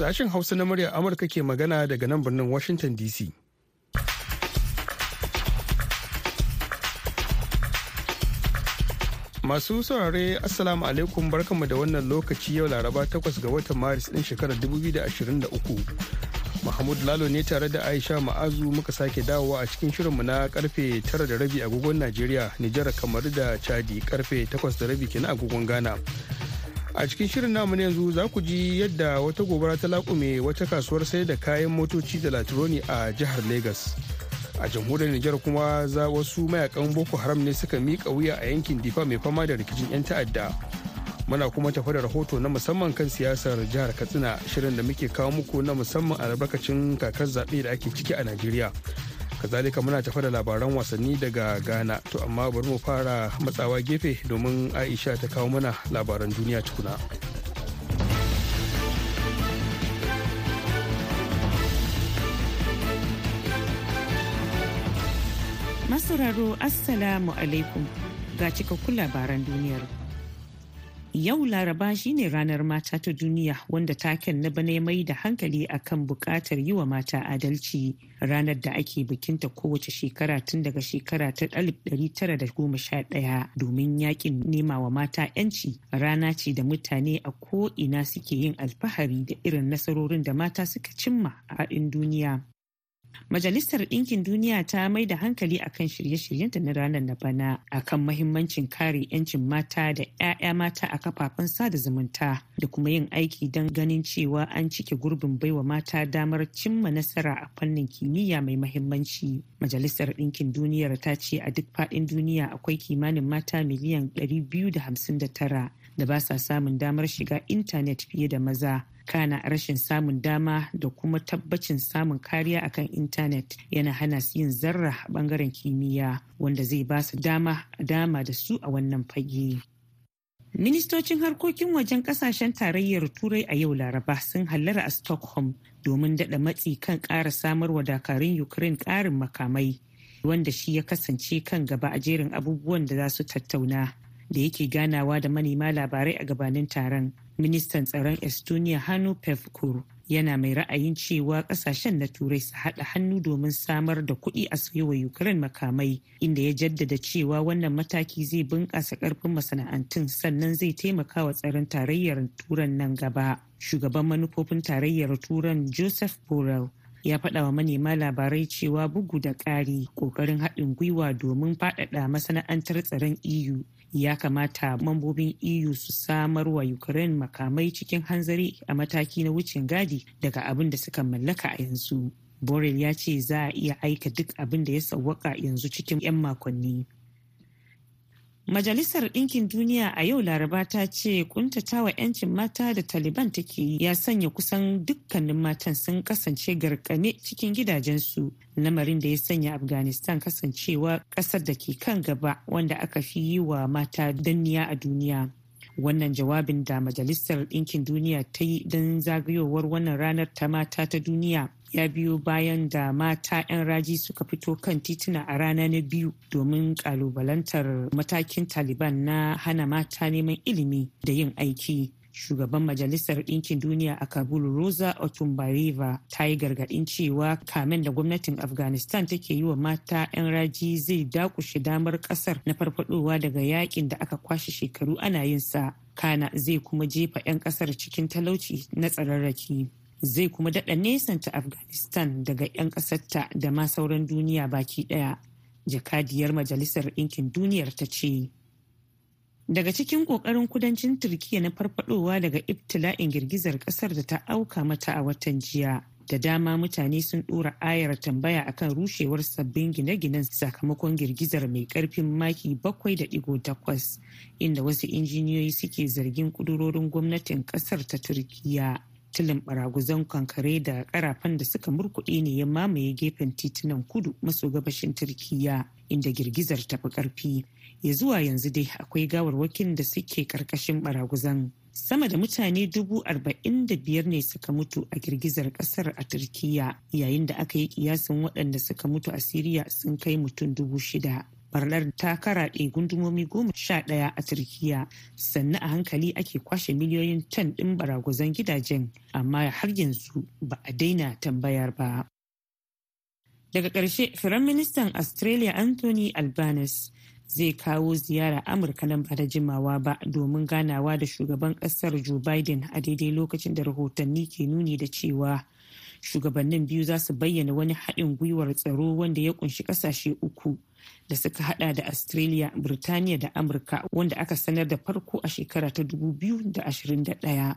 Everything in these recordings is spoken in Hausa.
Sashen Hausa na murya Amurka ke magana daga nan birnin Washington DC. Masu saurare Assalamu alaikum barkanmu da wannan lokaci yau Laraba 8 ga watan Maris ɗin shekarar 2023. Mahmud Lalo ne tare da Aisha Ma'azu muka sake dawowa a cikin shirinmu na karfe 9 da rabi agogon Najeriya, Nijar kamar da Chadi karfe 8 da rabi kenan agogon Ghana. a cikin shirin namu na yanzu za ku ji yadda wata gobara ta laƙume wata kasuwar sayar da kayan motoci da latironi a jihar legas a jamhuriyar nijar kuma za wasu mayakan boko haram ne suka miƙa wuya a yankin difa mai fama da rikicin 'yan ta'adda muna kuma tafa da rahoto na musamman kan siyasar jihar katsina shirin da muke kawo muku na musamman albarkacin kakar zaɓe da ake ciki a najeriya kazalika muna tafa da labaran wasanni daga ghana to amma bari mu fara matsawa gefe domin aisha ta kawo mana labaran duniya tukuna masauraro assalamu alaikum ga cikakkun labaran duniyar Yau Laraba shine ranar mata ta duniya wanda taken na bana mai da hankali akan bukatar yi wa mata adalci ranar da ake bikinta kowace shekara tun daga shekara ta 1911 domin yakin nema wa mata 'yanci rana ce da mutane a ko'ina suke yin alfahari da irin nasarorin da mata suka cimma a haɗin duniya. Majalisar Ɗinkin Duniya ta mai da hankali akan shirye-shiryenta na ranar na bana akan mahimmancin kare 'yancin mata da 'ya'ya mata a kafafen sada zumunta da kuma yin aiki don ganin cewa an cike gurbin baiwa mata damar cimma nasara a fannin kimiyya mai mahimmanci. Majalisar Ɗinkin Duniyar ta ce a duk faɗin duniya akwai kimanin mata miliyan 259 da ba sa samun damar shiga intanet fiye da maza. kana rashin samun dama da kuma tabbacin samun kariya akan intanet yana hana su yin zarra a bangaren kimiyya wanda zai ba su dama dama da su a wannan fage. Ministocin harkokin wajen kasashen tarayyar Turai a yau Laraba sun hallara a Stockholm domin daɗa matsi kan ƙara samar wa dakarun Ukraine ƙarin makamai, wanda shi ya kasance kan gaba a jerin abubuwan da za su tattauna da yake ganawa da manema labarai a gabanin taron. ministan tsaron estonia hannu pevkur yana mai ra'ayin cewa kasashen na turai su haɗa hannu domin samar da kuɗi a wa ukraine makamai inda ya jaddada cewa wannan mataki zai bunƙasa ƙarfin masana'antun sannan zai taimaka wa tsaron tarayyar turan nan gaba shugaban manufofin tarayyar turan joseph borrell ya faɗa wa manema labarai cewa bugu da ƙari ƙoƙarin haɗin gwiwa domin faɗaɗa masana'antar tsaron eu ya kamata mambobin eu su samar wa ukraine makamai cikin hanzari a mataki na wucin gadi daga abin da suka mallaka a yanzu borel ya ce za a iya aika duk abin da ya sauwaka yanzu cikin 'yan makonni Majalisar Ɗinkin Duniya a yau Laraba ta ce kuntatawa 'yancin mata da Taliban take yi ya sanya kusan dukkanin matan sun kasance garkane cikin gidajensu. Lamarin da ya sanya Afghanistan kasancewa ƙasar da ke kan gaba wanda aka fi yi wa mata danniya a duniya. Wannan jawabin da Majalisar Ɗinkin Duniya ta yi don zagayowar wannan ranar ta mata ta duniya ya biyo bayan da mata 'yan raji suka fito kan tituna a rana na biyu domin kalubalantar matakin taliban na hana mata neman ilimi da yin aiki shugaban majalisar ɗinkin duniya a kabul rosa otumbareva ta yi gargaɗin cewa kamen da gwamnatin afghanistan take yi wa mata 'yan raji zai dakushe damar ƙasar na farfadowa daga yakin da aka kwashe shekaru ana yinsa kana zai kuma jefa 'yan ƙasar cikin talauci na tsararraki zai kuma daɗa ta afghanistan daga 'yan ƙasarta da ma sauran duniya baki ɗaya jakadiyar majalisar ɗinkin duniyar ta ce daga cikin ƙoƙarin kudancin turkiya na farfadowa daga ibtila'in girgizar ƙasar da ta auka mata a watan jiya da dama mutane sun ɗora ayar tambaya akan rushewar sabbin gine-ginen sakamakon girgizar mai ƙarfin maki 7.8 inda wasu injiniyoyi suke zargin kudurorin gwamnatin ƙasar ta turkiya tilin baraguzan kankare da karafan da suka murkuɗe ne ya mamaye gefen titunan kudu maso gabashin turkiya inda girgizar tafi ƙarfi ya zuwa yanzu dai akwai gawarwakin da suke karkashin baraguzan sama da mutane dubu arba'in da biyar ne suka mutu a girgizar ƙasar a turkiya yayin da aka yi kiyasin waɗanda suka mutu a siriya sun kai mutum dubu shida barnar ta karaɗe gundumomi goma sha ɗaya a turkiya sannan a hankali ake kwashe miliyoyin ton ɗin baragwazon gidajen amma har yanzu ba a daina tambayar ba daga ƙarshe firaministan australia anthony albanese zai kawo ziyara amurka nan ba da jimawa ba domin ganawa da shugaban ƙasar joe biden a daidai lokacin da rahotanni ke nuni da cewa shugabannin biyu za su bayyana wani haɗin gwiwar tsaro wanda ya kunshi ƙasashe uku da suka hada da australia birtaniya da amurka wanda aka sanar da farko a shekara ta 2021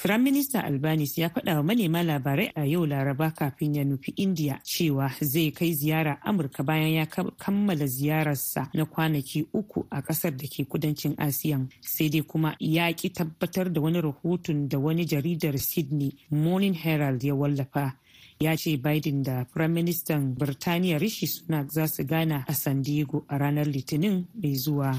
Firaminista Albanis ya faɗa wa manema labarai a yau Laraba kafin ya nufi India cewa zai kai ziyara Amurka bayan ya kammala ziyararsa na kwanaki uku a ƙasar da ke kudancin Asiyan. Sai dai kuma ya ki tabbatar da wani rahoton da wani jaridar Sydney Morning Herald ya wallafa. ya ce Biden da Firaministan Birtaniya Rishi Sunak za su gana a San Diego a ranar Litinin mai zuwa.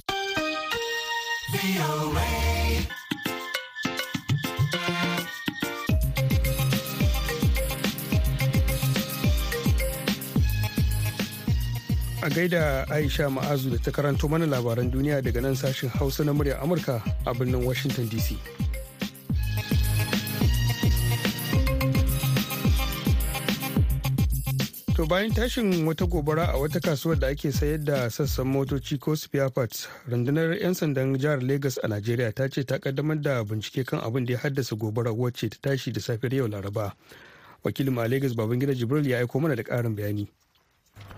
a gaida aisha ma'azu da ta karanto mana labaran duniya daga nan sashen hausa na murya amurka a birnin washington dc To bayan tashin wata gobara a wata kasuwar da ake sayar da sassan motoci ko spare parts, rundunar 'yan sandan jihar Lagos a Najeriya ta ce ta kaddamar da bincike kan abin da ya haddasa gobara wacce ta tashi da safiyar yau Laraba. Wakilin a Lagos Babangida Jibril ya aiko mana da karin bayani.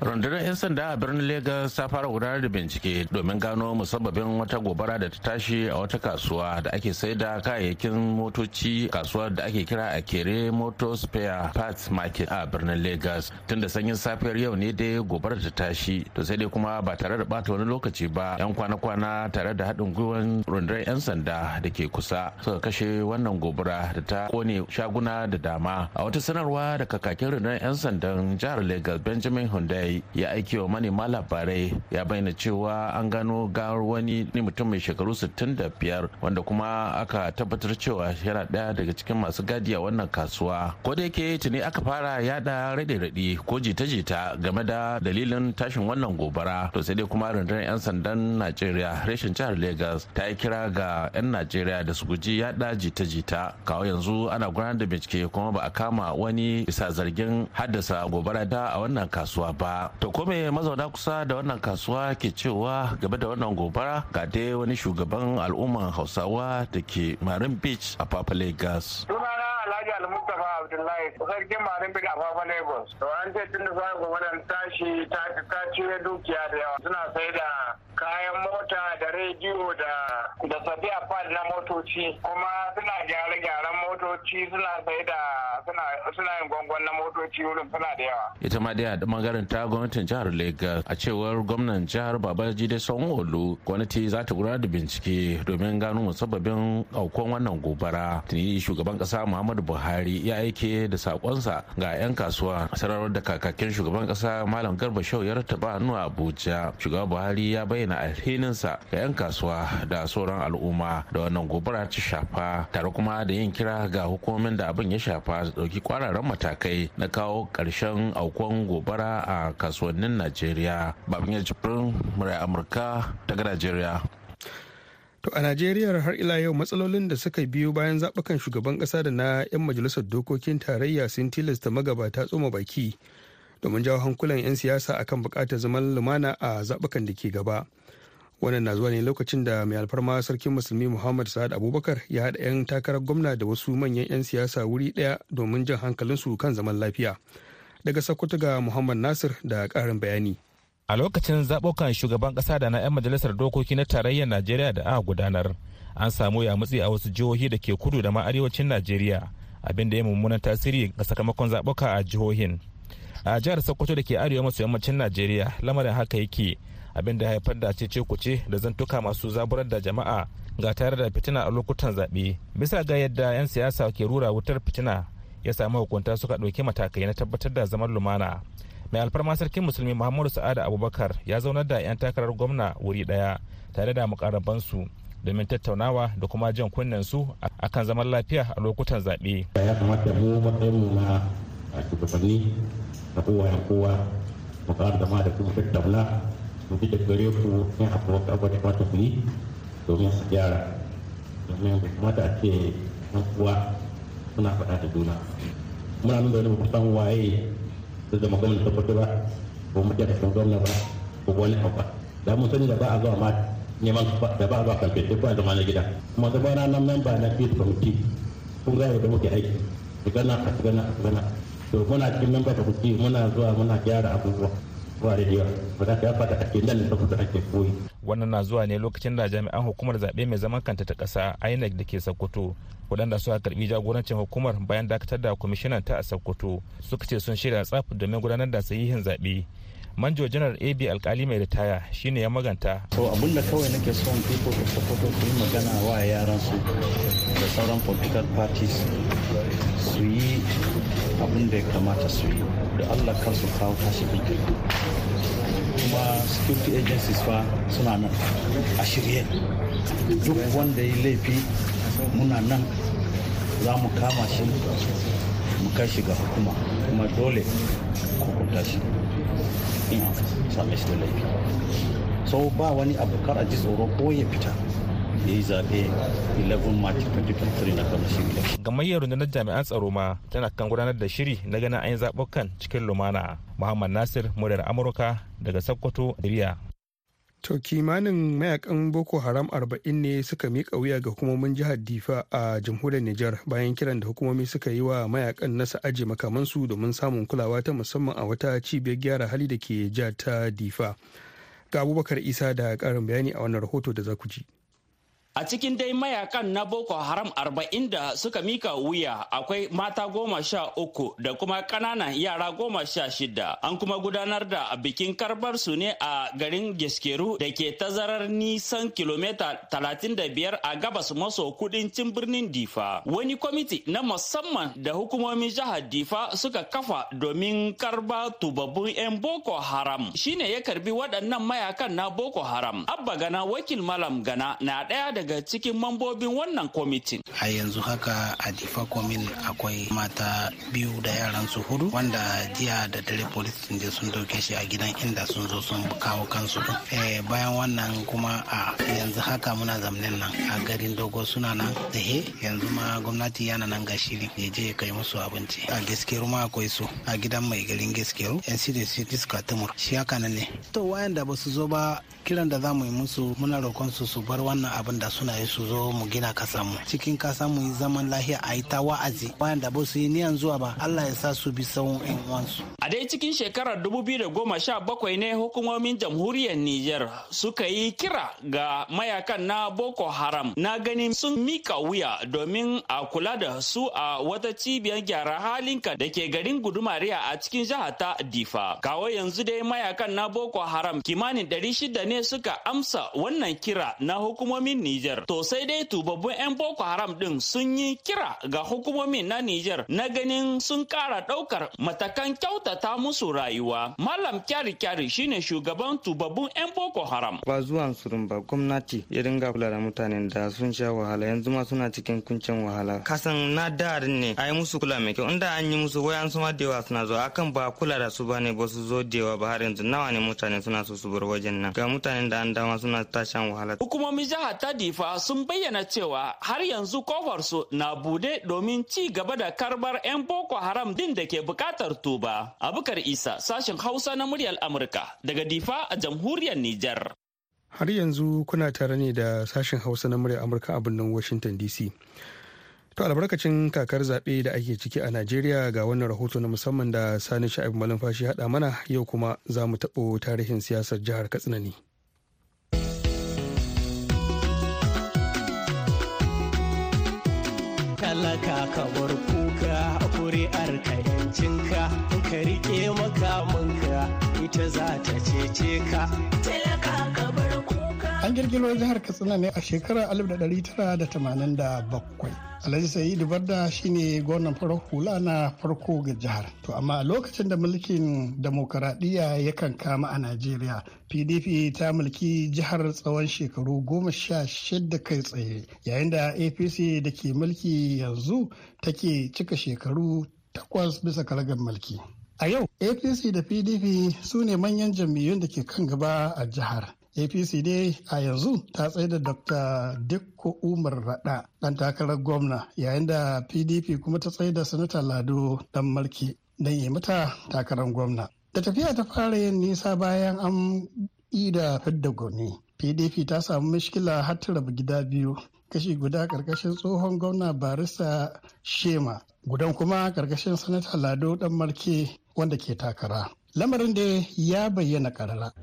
rundunar 'yan sanda a birnin Legas ta fara gudanar da bincike domin gano musabbabin wata gobara da ta tashi a wata kasuwa da ake sai da kayayyakin motoci kasuwar da ake kira a kere motor spare parts market a birnin Legas, tunda sanyin safiyar yau ne dai gobarar ta tashi to sai dai kuma ba tare da bata wani lokaci ba yan kwana-kwana tare da haɗin gwiwan rundunar 'yan sanda da ke kusa suka kashe wannan gobara da ta kone shaguna da dama a wata sanarwa da kakakin rundunar 'yan sandan jihar Legas benjamin Bondai ya aike wa manema labarai ya bayyana cewa an gano gawar wani ne mutum mai shekaru 65 wanda kuma aka tabbatar cewa yana daya daga cikin masu gadi a wannan kasuwa. Ko da yake tuni aka fara yada raɗe-raɗe ko jita-jita game da dalilin tashin wannan gobara to sai dai kuma rundunar 'yan sandan Najeriya reshen jihar Legas ta yi kira ga 'yan Najeriya da su guji yada jita-jita kawo yanzu ana gudanar da bincike kuma ba a kama wani bisa zargin haddasa gobara da a wannan kasuwa ba to kome mazauna kusa da wannan kasuwa ke cewa game da wannan gobara ga dai wani shugaban al'ummar hausawa da ke marin beach a papa lagos Alhaji Al-Mustapha Abdullahi sarkin Malin Beach a Fafa Lagos. To ce tun da sa gwamnati tashi ta ci dukiya da yawa suna sai da kayan mota da rediyo da da safiya pad na motoci kuma suna gyare-gyaren motoci suna sai da suna yin gwangwan na motoci wurin suna da yawa ita ma dai a bangaren ta gwamnatin jihar lagos a cewar gwamnan jihar babajide sanwo-olu gwamnati za ta gudanar da bincike domin gano musabbabin aukuwan wannan gobara tuni shugaban kasa muhammadu buhari ya aike da sakonsa ga 'yan kasuwa sanarwar da kakakin shugaban kasa malam garba shau ya rataba hannu a abuja shugaban buhari ya bayyana bayyana alhininsa ga 'yan kasuwa da sauran al'umma da wannan gobara ta shafa tare kuma da yin kira ga hukumomin da abin ya shafa su ɗauki kwararan matakai na kawo karshen aukuwan gobara a kasuwannin najeriya babin jibrin murai amurka daga najeriya To a Najeriya har ila yau matsalolin da suka biyo bayan zaɓukan shugaban ƙasa da na 'yan majalisar dokokin tarayya sun tilasta magabata tsoma baki domin jawo hankulan 'yan siyasa akan bukatar zaman lumana a zaɓakan da ke gaba wannan na zuwa ne lokacin da mai alfarma sarkin musulmi muhammad sa'ad abubakar ya haɗa 'yan takarar gwamna da wasu manyan 'yan siyasa wuri ɗaya domin jan hankalinsu kan zaman lafiya daga sokoto ga muhammad nasir da ƙarin bayani a lokacin zaɓukan shugaban ƙasa da na 'yan majalisar dokoki na tarayyar najeriya da aka gudanar an samu ya matsi a wasu jihohi da ke kudu da ma arewacin najeriya abin ya mummunan tasiri ga sakamakon zaɓuka a jihohin a jihar sokoto da ke arewa maso yammacin najeriya lamarin haka yake abin da haifar da ce kuce da zantuka masu zaburar da jama'a ga tare da fitina a lokutan zaɓe bisa ga yadda 'yan siyasa ke rura wutar fitina ya samu hukunta suka ɗauki matakai na tabbatar da zaman lumana mai alfarma sarkin musulmi muhammadu sa'ada abubakar ya zaunar da 'yan takarar gwamna wuri ɗaya tare da mukarabansu domin tattaunawa da kuma jan kunnen su akan zaman lafiya a lokutan zaɓe. ya kamata mu matsayin mu na shugabanni da kowa ya kowa mu ƙara zama da kuma fit tabla mu ji da gare ku ne a kuma ƙarfa da kwata su domin su gyara domin da kuma da ce ɗan uwa suna faɗa da juna muna nuna wani mu san waye su zama gwamnati ta ba ko mu da san gwamna ba ko wani abu ba da mun sani da ba a zuwa ma neman da ba a zuwa kamfe sai a zama na gida kuma zama na nan memba na fit kwamiti kun gaya da muke aiki da gana a su gana a su gana to muna cikin nan da kuke muna zuwa muna gyara abubuwa nan da wannan na zuwa ne lokacin da jami'an hukumar zaɓe mai zaman kanta ta ƙasa inec da ke sokoto waɗanda suka karɓi jagorancin hukumar bayan dakatar da kwamishinan ta a sokoto suka ce sun shirya tsaf domin gudanar da sahihin zaɓe manjo janar ab alkali mai ritaya shine ya maganta to abin da kawai nake son people to sokoto su yi magana wa yaran su da sauran political parties su yi abin da ya kamata su yi da allah kar su kawo tashi bikin kuma security agencies fa suna nan a shirye duk wanda ya laifi muna nan za mu kama shi mu kai shi ga hukuma kuma dole hukunta shi in same shi da laifi so ba wani abu kar a ji tsoro ko ya fita ya yi 11 march 2023 na kamar election. gamayyar rundunar jami'an tsaro ma tana kan gudanar da shiri na ganin ayin yi zaɓukan cikin lumana muhammad nasir muryar amurka daga sokoto nigeria to kimanin mayakan boko haram 40 ne suka miƙa wuya ga hukumomin jihar difa a jamhuriyar nijar bayan kiran da hukumomi suka yi wa mayakan nasa aje makamansu domin samun kulawa ta musamman a wata cibiyar gyara hali da ke ja ta difa ga abubakar isa da karin bayani a wannan rahoto da za ku ji A cikin dai mayakan na Boko Haram arba'in da suka mika wuya akwai mata goma sha uku da kuma ƙananan yara goma sha shida. An kuma gudanar da bikin karbar su ne a garin Geskeru da ke tazarar nisan kilomita talatin da biyar a gabas maso kudincin birnin Difa. Wani kwamiti na musamman da hukumomin jihar Difa suka kafa domin karba tubabbun 'yan Boko Haram. Shine ya karbi waɗannan mayakan na Boko Haram. Abba Gana wakil Malam Gana na ɗaya da daga cikin mambobin wannan kwamitin. A yanzu haka a difa komin akwai mata biyu da yaran su hudu wanda jiya da dare politin da sun dauke shi a gidan inda sun zo sun kawo kansu. E, bayan wannan kuma a yanzu haka muna zamanin nan a garin dogo suna nan zahe yanzu ma gwamnati yana nan ga shiri ya je ya kai musu abinci. A gaskeru ma akwai su a gidan mai garin gaskeru yan da tumur shi haka nan ne. To wayan da ba su zo ba kiran da za mu yi musu muna roƙon su su bar wannan abin da yi su zo mu gina kasa mu cikin kasa mu zaman lahiya a yi ta wa'azi wanda ba su yi niyan zuwa ba Allah ya sa su bi sawun yan uwansu a dai cikin shekarar bakwai ne hukumomin jamhuriyar Nijar suka yi kira ga mayakan na Boko Haram na ganin sun mika wuya domin a kula da su a wata cibiyar gyara halinka da ke garin gudumariya a cikin jihar ta Difa kawo yanzu dai mayakan na Boko Haram kimanin 600 ne suka amsa wannan kira na hukumomin Nijar. Nijar. To sai dai tubabbun 'yan Boko Haram ɗin sun yi kira ga hukumomi na Nijar na ganin sun kara ɗaukar matakan kyautata musu rayuwa. Malam Kyari Kyari shine shugaban tubabbun 'yan Boko Haram. Ba zuwan surun ba gwamnati ya dinga kula da mutanen da sun sha wahala yanzu ma suna cikin kuncin wahala. Kasan na darin ne a yi musu kula mai kyau inda an yi musu wayan su ma da yawa suna zuwa akan ba kula da su ba ne ba su zo da ba har yanzu nawa ne mutane suna so su bar wajen nan ga mutanen da an dama suna tashan wahala. Hukumomin jihar ta fa sun bayyana cewa har yanzu kofarsu na bude domin ci gaba da karbar 'yan Boko Haram din da ke bukatar tuba. Abukar Isa sashen Hausa na muryar Amurka daga Difa a jamhuriyar Nijar. Har yanzu kuna tare ne da sashen Hausa na muryar Amurka a birnin Washington DC. To albarkacin kakar zaɓe da ake ciki a Najeriya ga wannan rahoto na musamman da Sani Sha'ib Malumfashi haɗa mana yau kuma za mu taɓo tarihin siyasar jihar Katsina ne. ka bar kuka kuri'ar ka yancinka ka rike makamanka ita za ta cece ka talaka ka An girgiro jihar Katsina ne a shekarar alif da 1987. Alhaji Sa'idu Barda shine gwamnan farar hula na farko ga jihar. To amma a lokacin da mulkin demokaradiyya ya kama a Najeriya, PDP ta mulki jihar tsawon shekaru goma sha shida kai tsaye, yayin da APC da ke mulki yanzu take cika shekaru takwas bisa kalagar mulki. A yau, APC da PDP su ne manyan jam'iyyun da ke kan gaba a jihar. apc ne a yanzu ta tsaida dr dikko umar rada dan takarar gwamna yayin da pdp kuma ta tsaida sanata lado dan mulki don yi mata takarar gwamna da tafiya ta fara yin nisa bayan an ida fidda gwamni pdp ta samu mishkila har ta rabu gida biyu kashi guda karkashin tsohon gwamna barista shema gudan kuma karkashin sanata lado dan mulki wanda ke takara lamarin da ya bayyana karara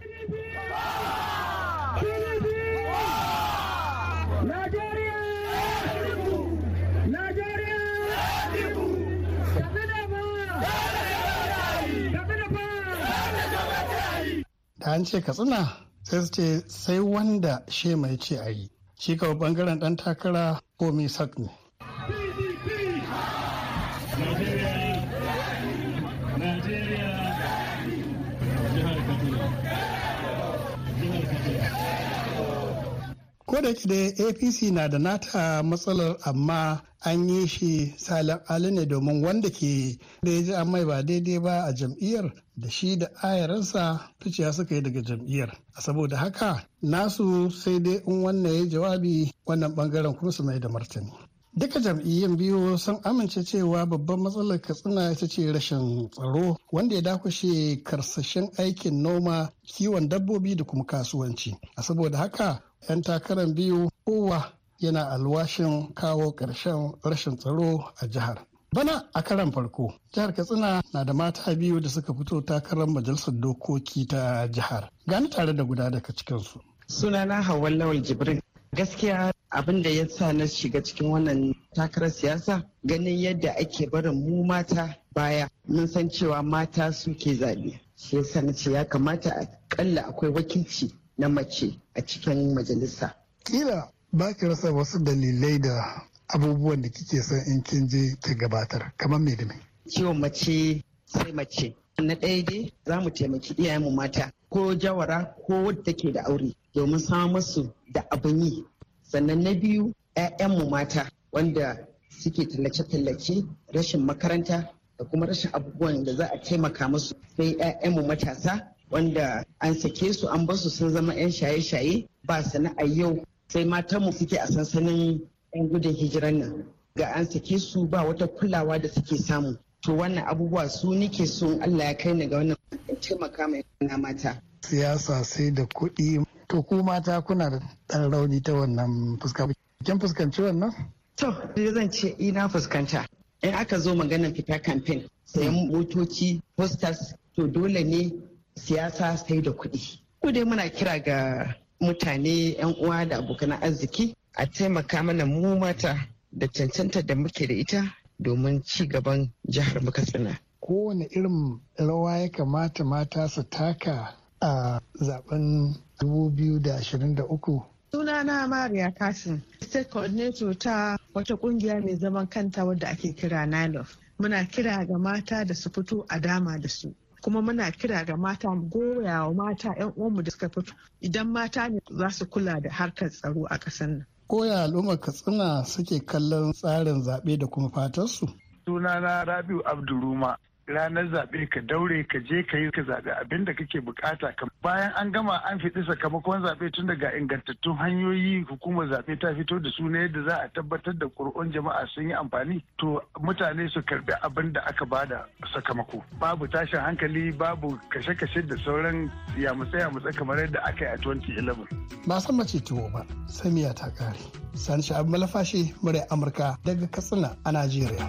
da an ce katsina sai su ce sai wanda she mai ce a yi shi kawo bangaren dan takara ko sak ne ko da ke da apc na da nata matsalar amma an yi shi salin ali ne domin wanda ke da ya ji an mai ba daidai ba a jam'iyyar da shi da ayaransa tuciya suka yi daga jam'iyyar a saboda haka nasu sai dai in wannan ya jawabi wannan bangaren kuma su mai da martani duka jam'iyyun biyu sun amince cewa babban matsalar katsina ita ce rashin tsaro wanda ya dakushe karsashen aikin noma kiwon dabbobi da kuma kasuwanci a saboda haka 'yan takarar biyu kowa yana alwashin kawo ƙarshen rashin tsaro a jihar. Bana a karan farko, jihar Katsina na da mata biyu da suka fito takarar majalisar dokoki ta jihar. Gani tare da guda daga cikinsu. Sunana hawan Lawal Jibrin. Gaskiya abin da ya sa na shiga cikin wannan takarar siyasa ganin yadda ake barin mu mata baya mun san cewa mata suke zaɓe. Shi yasa na ce ya kamata akalla akwai wakilci na mace a cikin majalisa. Kila ba ki rasa wasu dalilai da abubuwan da kike son in kin je ki gabatar kamar me da me ciwon mace sai mace na ɗaya dai za mu taimaki mu mata ko jawara ko wadda ke da aure domin samun musu da abin yi sannan na biyu mu mata wanda suke tallace-tallace rashin makaranta da kuma rashin abubuwan da za a taimaka musu sai mu matasa wanda an sake su an basu sun zama 'yan shaye-shaye ba sana'a yau sai mu suke a sansanin 'yan gudun hijiran nan ga an sake su ba wata kulawa da suke samu to wannan abubuwa su nike so Allah ya kai ni ga wannan taimaka mai na mata siyasa sai da kuɗi to ku mata kuna da ɗan rauni ta wannan fuska kin fuskanci wannan to zan ce ina fuskanta in aka zo maganar fita kamfen sayan hmm. motoci posters to dole ne siyasa sai da kuɗi ku dai muna kira ga mutane 'yan uwa da abokan arziki a taimaka mana mu mata da cancanta da muke da ita domin ci gaban jihar Katsina. Kowane irin rawa ya kamata mata su taka a zaben 2023? Sunana Mariya Kasim, State Coordinator ta wata kungiya mai zaman kanta wadda ake kira NILOF. Muna kira ga mata da su fito a dama da su. kuma muna kira ga mata mu goya wa mata 'yan uwanmu da suka fito idan mata ne za su kula da harkar tsaro a ƙasar nan. Koya al'ummar Katsina suke kallon tsarin zaɓe da kuma fatarsu? Sunana Rabiu Abduruma ranar zaɓe ka daure ka je ka yi ka zaɓe abin da kake bukata ka bayan an gama an fiɗi sakamakon zaɓe tun daga ingantattun hanyoyi hukumar zaɓe ta fito da su ne yadda za a tabbatar da ƙuri'un jama'a sun yi amfani to mutane su karɓi abin da aka da sakamako babu tashin hankali babu kashe-kashe da sauran yamutse-yamutse kamar yadda aka yi a 2011. ba san mace tuwo ba samiya ta kare sani sha'ab malafashi murai amurka daga katsina a najeriya.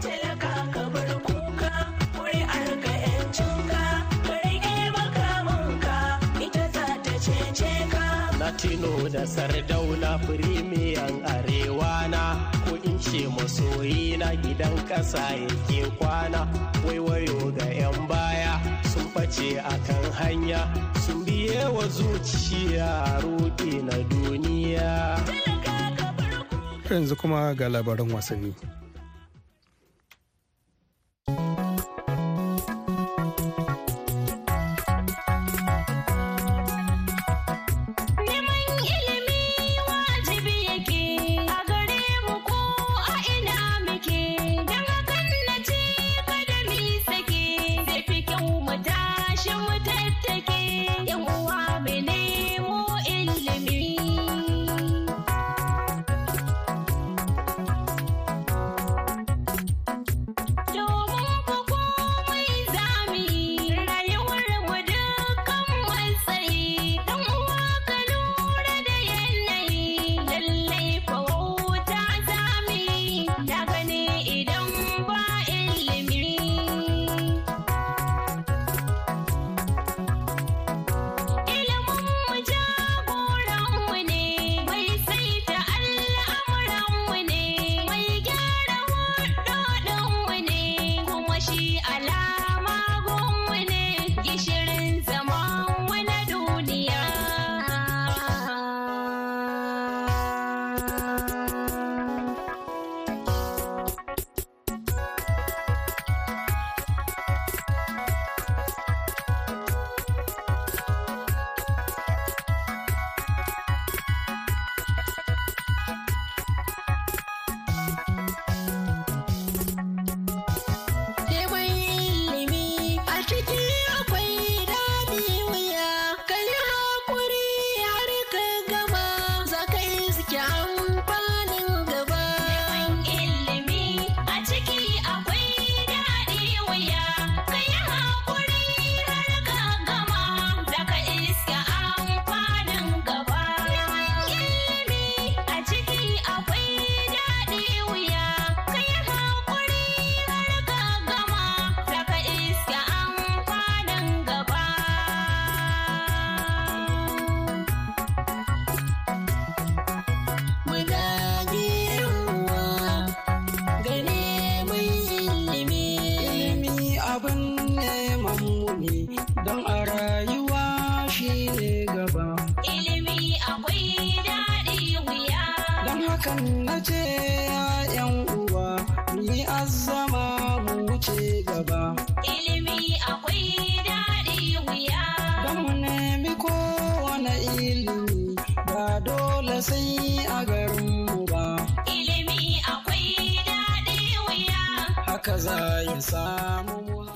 Tino da Sardaula firimiyan arewa na ko in ce masoyi na gidan ƙasa yake kwana waiwayo ga 'yan baya sun face kan hanya sun biye wa zuciya roƙi na duniya. Yanzu kuma ga labaran wasanni.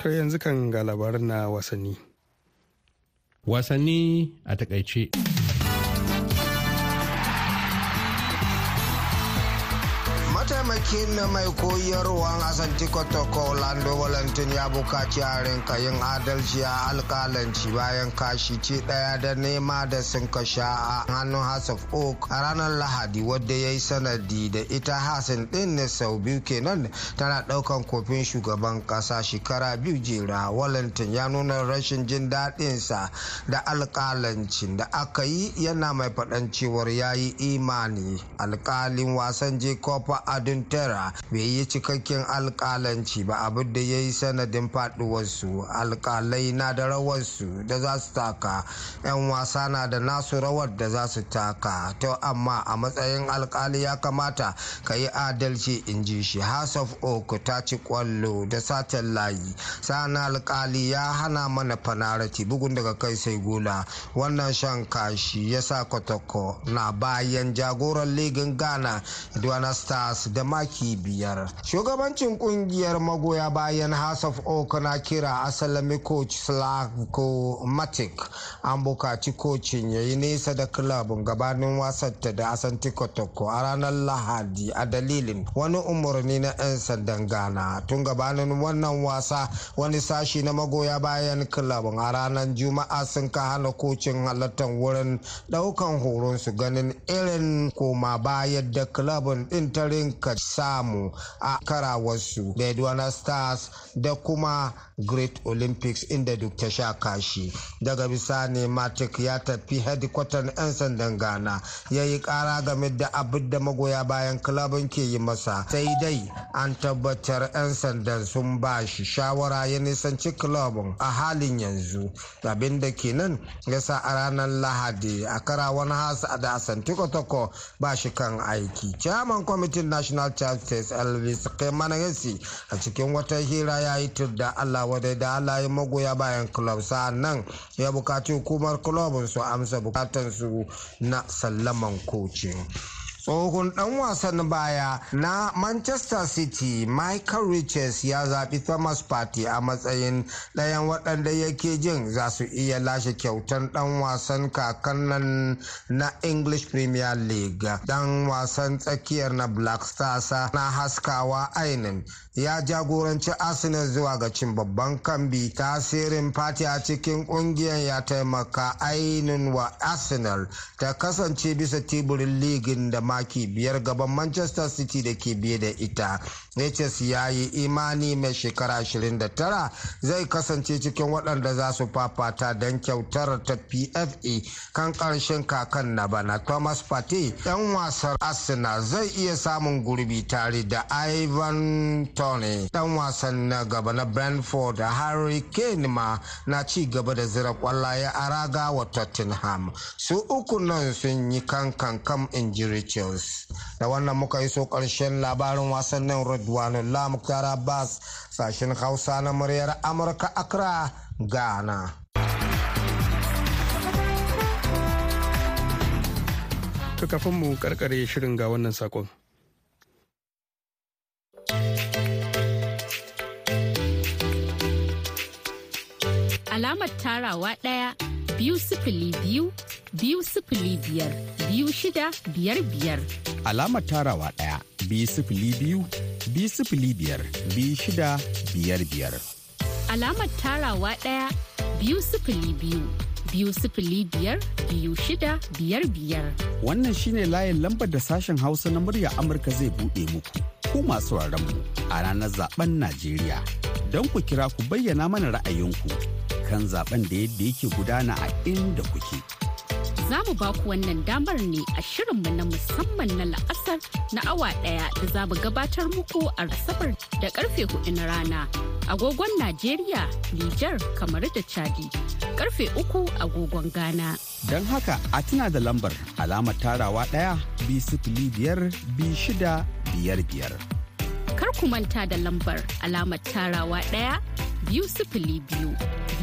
kai yanzu kan ga labarin na wasanni wasanni a takaice kina mai koyarwan asanti kotoko lando valentin ya bukaci a rinka yin adalci a alkalanci bayan kashi ce daya da nema da sun kasha a hannun house of oak a ranar lahadi wadda ya yi sanadi da ita hasin din na sau biyu kenan tana daukan kofin shugaban kasa shekara biyu jera valentin ya nuna rashin jin daɗinsa da alkalancin da aka yi yana mai faɗan cewar ya yi imani alkalin wasan jacob adinta tara bai yi cikakken alkalanci ba abin da ya yi sanadin faduwarsu alkalai na da rawarsu da za su taka 'yan wasa na da nasu rawar da za su taka to amma a matsayin alkali ya kamata ka yi adalci in ji shi house of oak ta ci kwallo da satin layi sana alkali ya hana mana fanarati bugun daga kai sai gola wannan shan kashi ya sa kwatako na bayan jagoran ligin ghana stars da maki biyar shugabancin kungiyar magoya bayan house of oak na kira asalami coach slavko matic an bukaci kocin ya yi nesa da kilabin gabanin wasanta da asanti kotoko a ranar lahadi a dalilin wani umarni na 'yan sandan ghana tun gabanin wannan wasa wani sashi na magoya bayan kilabin a ranar juma'a sun ka hana kocin halartar wurin daukan horon su ganin irin koma bayar da kilabin din ta rinka samu a karawarsu da Stars da kuma great olympics inda duk ta sha kashi daga bisani matic ya tafi hedikwatan 'yan sandan ghana ya yi kara game da abin da magoya bayan kilabin ke yi masa sai dai an tabbatar 'yan sandan sun ba shi shawara ya nisanci kilabin a halin yanzu abin da kenan ya sa a ranar lahadi a kara wani hasa da asantikotoko ba shi kan aiki chairman Committee national church elvis kai a cikin wata hira ya yi da allah wadai da ya magoya bayan club sa'an nan ya bukaci hukumar club su amsa bukatansu na sallaman koci. tsohon dan wasan baya na manchester city michael richards ya zaɓi thomas party a matsayin ɗayan waɗanda yake jin za su iya lashe kyautar dan wasan kakan nan na english premier league dan wasan tsakiyar na black stars na haskawa ainin ya jagoranci arsenal zuwa ga cin babban kambi tasirin fati a cikin kungiyar ya taimaka ainihin wa arsenal ta kasance bisa teburin ligin da maki biyar gaban manchester city da ke biye da ita Natchez ya yi imani mai shekara 29 zai kasance cikin waɗanda za su fafata don kyautar ta pfa kan karshen kakan na bana thomas party ɗan wasan arsenal zai iya samun gurbi tare da ivan ne dan wasan na gaba na Brentford Harry Kane ma na ci gaba da zira kwallaye a raga wa Tottenham. Su uku nan sun yi kankan kam injiri Chelsea. Da wannan muka yi so karshen labarin wasannin Rodwanu Lamuktar bas sashen Hausa na muryar Amurka Accra, Ghana. To kafin mu karkare shirin ga wannan sakon. alamar tarawa ɗaya biyu sifili biyu biyu sifili biyar biyu shida biyar biyar. Alamar tarawa ɗaya biyu sifili biyu biyu sifili biyar biyu shida biyar biyar. Alamar tarawa ɗaya biyu sifili biyu biyu sifili biyar biyu shida biyar biyar. Wannan shine layin lambar da sashen Hausa na murya Amurka zai buɗe muku. Ku masu mu a ranar zaben Najeriya. Don ku kira ku bayyana mana ra'ayinku. kan zaben da yadda yake gudana a inda kuke. Za mu ba ku wannan damar ne a shirinmu na musamman na la'asar na awa ɗaya da za mu gabatar muku a rasabar da karfe hudu na rana. Agogon Najeriya, Nijar, kamar da Chadi. Karfe uku agogon Ghana. Don haka a tuna da lambar alamar tarawa ɗaya bi sifili biyar bi shida biyar biyar. Kar ku manta da lambar alamar tarawa ɗaya biyu sifili biyu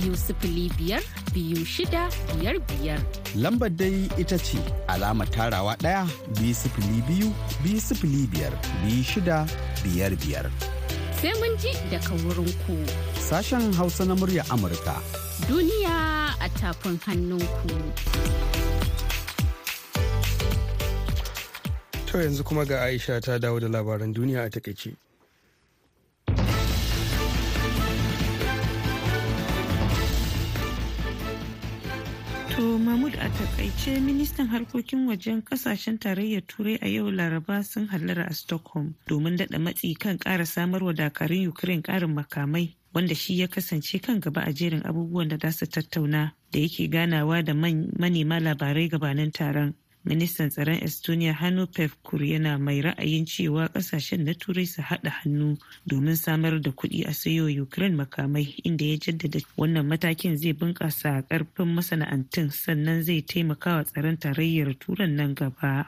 biyu sifili biyar biyu shida biyar biyar. Lambar dai ita ce alama tarawa ɗaya biyu sifili biyu biyu sifili biyar biyu shida biyar biyar. Sai mun ji daga wurin ku. Sashen Hausa na murya Amurka. Duniya a tafin hannunku. To yanzu kuma ga Aisha ta dawo da labaran duniya a takaice. To Mahmud a takaice ministan harkokin wajen kasashen tarayyar turai a yau laraba sun hallara a Stockholm domin daɗa matsi kan ƙara samarwa dakarun Ukraine ƙarin makamai wanda shi ya kasance kan gaba a jerin abubuwan da za su tattauna da yake ganawa da manema labarai gabanin taron. ministan tsaron estonia hannu pevkur yana mai ra'ayin cewa kasashen na turai su haɗa hannu domin samar da kuɗi a sayo ukraine makamai inda ya jaddada wannan matakin zai bunƙasa ƙarfin masana'antun sannan zai taimaka wa tsaron tarayyar turan nan gaba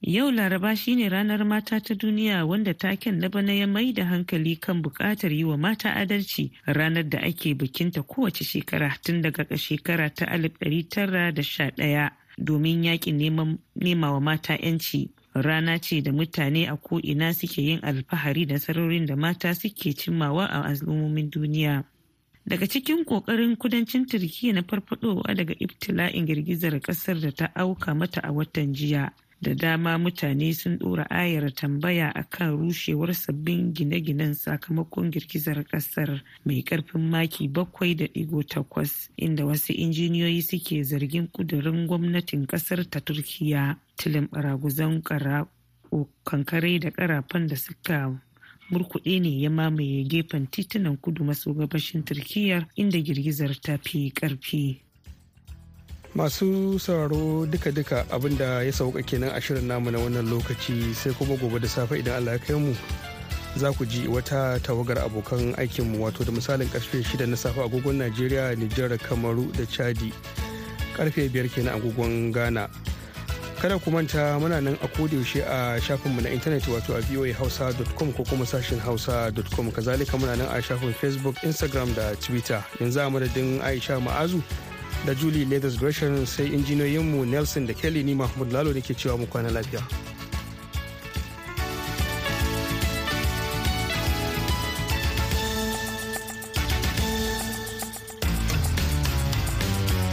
Yau Laraba shine ranar mata ta duniya wanda taken na bana ya mai da hankali kan bukatar yi wa mata adalci ranar da ake bikinta kowace shekara tun daga shekara ta 1911. domin yakin nemawa mata 'yanci rana ce da mutane a ko'ina suke yin alfahari da sarorin da mata suke cimmawa a al'ummomin duniya daga cikin ƙoƙarin kudancin turkiya na farfadowa daga ibtila'in girgizar ƙasar da ta auka mata a watan jiya da dama mutane sun dora ayar tambaya a kan rushewar sabbin gine-ginen sakamakon girgizar ƙasar mai ƙarfin maki bakwai da ɗigo takwas inda wasu injiniyoyi suke zargin ƙudurin gwamnatin ƙasar ta turkiya tilin baraguzan kankare da ƙarafan da suka murkuɗe ne ya mamaye gefen titunan kudu maso gabashin turkiyya inda girgizar ta fi ƙarfi masu sauraro duka-duka abinda ya sauka kenan a shirin namu na wannan lokaci sai kuma gobe da safe idan allah ya kai mu za ku ji wata tawagar abokan aikinmu wato da misalin karfe shida na safe agogon najeriya nijar kamaru da chadi karfe 5 kenan agogon ghana kada ku manta muna nan a yaushe a shafinmu na intanet wato a voahausa.com ko kuma sashin hausa.com kazalika muna nan a shafin facebook instagram da twitter yanzu a madadin aisha ma'azu da julie leathers gresham sai injiniyoyinmu nelson da kelly ni mahmud lalo ne ke cewa mu kwana lafiya